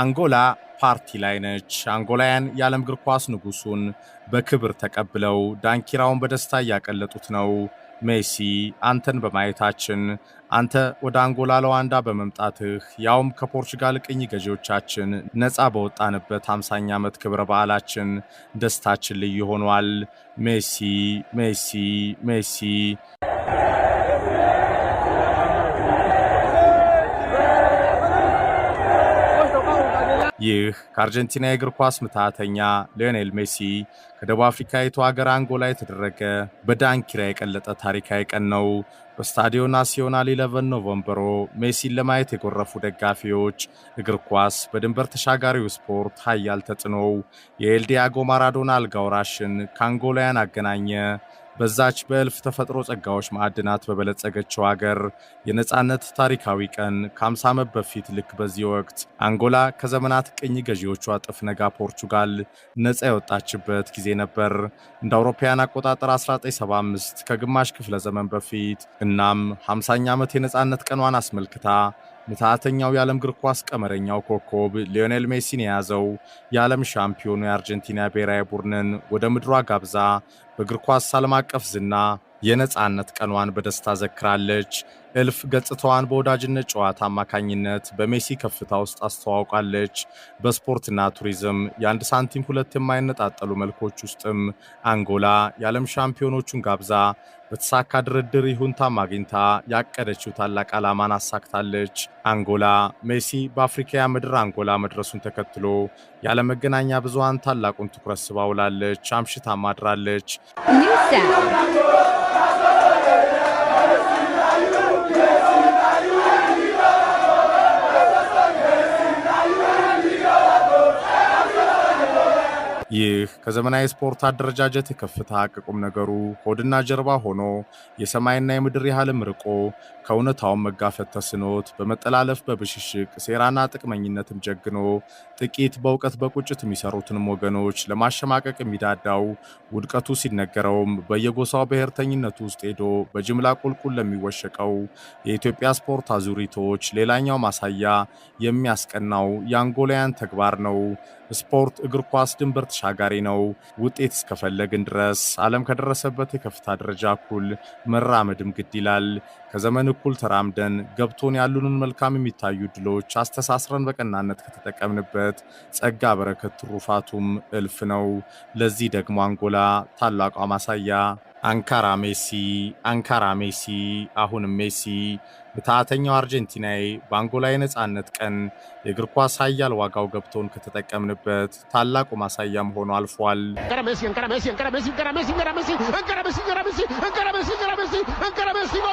አንጎላ ፓርቲ ላይ ነች። አንጎላውያን የዓለም እግር ኳስ ንጉሱን በክብር ተቀብለው ዳንኪራውን በደስታ እያቀለጡት ነው። ሜሲ አንተን በማየታችን አንተ ወደ አንጎላ ለዋንዳ በመምጣትህ ያውም ከፖርቹጋል ቅኝ ገዢዎቻችን ነፃ በወጣንበት 50 ዓመት ክብረ በዓላችን ደስታችን ልዩ ሆኗል። ሜሲ ሜሲ ሜሲ ይህ ከአርጀንቲና የእግር ኳስ ምታተኛ ሊዮኔል ሜሲ ከደቡብ አፍሪካዊቱ ሀገር አንጎላ የተደረገ በዳንኪራ የቀለጠ ታሪካዊ ቀን ነው። በስታዲዮ ናሲዮናል ኢለቨን ኖቨምበሮ ሜሲን ለማየት የጎረፉ ደጋፊዎች እግር ኳስ በድንበር ተሻጋሪው ስፖርት ኃያል ተጽዕኖው የኤልዲያጎ ማራዶና አልጋውራሽን ከአንጎላውያን አገናኘ። በዛች በእልፍ ተፈጥሮ ጸጋዎች ማዕድናት በበለጸገችው አገር የነፃነት ታሪካዊ ቀን ከ ዓመት በፊት ልክ በዚህ ወቅት አንጎላ ከዘመናት ቅኝ ገዢዎቿ ጥፍ ነጋ ፖርቹጋል ነፃ የወጣችበት ጊዜ ነበር። እንደ አውሮፓውያን አቆጣጠር 1975 ከግማሽ ክፍለ ዘመን በፊት እናም 50ኛ ዓመት የነፃነት ቀኗን አስመልክታ ምትሃተኛው የዓለም እግር ኳስ ቀመረኛው ኮከብ ሊዮኔል ሜሲን የያዘው የዓለም ሻምፒዮኑ የአርጀንቲና ብሔራዊ ቡድንን ወደ ምድሯ ጋብዛ በእግር ኳስ ዓለም አቀፍ ዝና የነፃነት ቀኗን በደስታ ዘክራለች። እልፍ ገጽታዋን በወዳጅነት ጨዋታ አማካኝነት በሜሲ ከፍታ ውስጥ አስተዋውቃለች። በስፖርትና ቱሪዝም የአንድ ሳንቲም ሁለት የማይነጣጠሉ መልኮች ውስጥም አንጎላ የዓለም ሻምፒዮኖቹን ጋብዛ በተሳካ ድርድር ይሁንታም አግኝታ ያቀደችው ታላቅ ዓላማን አሳክታለች። አንጎላ ሜሲ በአፍሪካ ምድር አንጎላ መድረሱን ተከትሎ ያለመገናኛ ብዙሃን ታላቁን ትኩረት ስባ ውላለች። አምሽታ ማድራለች። ይህ ከዘመናዊ ስፖርት አደረጃጀት ከፍታ አቅቁም ነገሩ ሆድና ጀርባ ሆኖ የሰማይና የምድር ያህልም ርቆ ከእውነታውን መጋፈት ተስኖት በመጠላለፍ በብሽሽቅ ሴራና ጥቅመኝነትም ጀግኖ ጥቂት በእውቀት በቁጭት የሚሰሩትንም ወገኖች ለማሸማቀቅ የሚዳዳው ውድቀቱ ሲነገረውም በየጎሳው ብሔርተኝነቱ ውስጥ ሄዶ በጅምላ ቁልቁል ለሚወሸቀው የኢትዮጵያ ስፖርት አዙሪቶች ሌላኛው ማሳያ የሚያስቀናው የአንጎላያን ተግባር ነው። ስፖርት እግር ኳስ ድንበር ተሻጋሪ ነው። ውጤት እስከፈለግን ድረስ ዓለም ከደረሰበት የከፍታ ደረጃ እኩል መራመድም ግድ ይላል። ከዘመን እኩል ተራምደን ገብቶን ያሉንን መልካም የሚታዩ ድሎች አስተሳስረን በቀናነት ከተጠቀምንበት ጸጋ በረከት ትሩፋቱም እልፍ ነው። ለዚህ ደግሞ አንጎላ ታላቋ ማሳያ አንካራ ሜሲ አንካራ ሜሲ አሁንም ሜሲ በታተኛው አርጀንቲናዊ በአንጎላ የነፃነት ቀን የእግር ኳስ ኃያል ዋጋው ገብቶን ከተጠቀምንበት ታላቁ ማሳያም ሆኖ አልፏል። አንካራ ሜሲ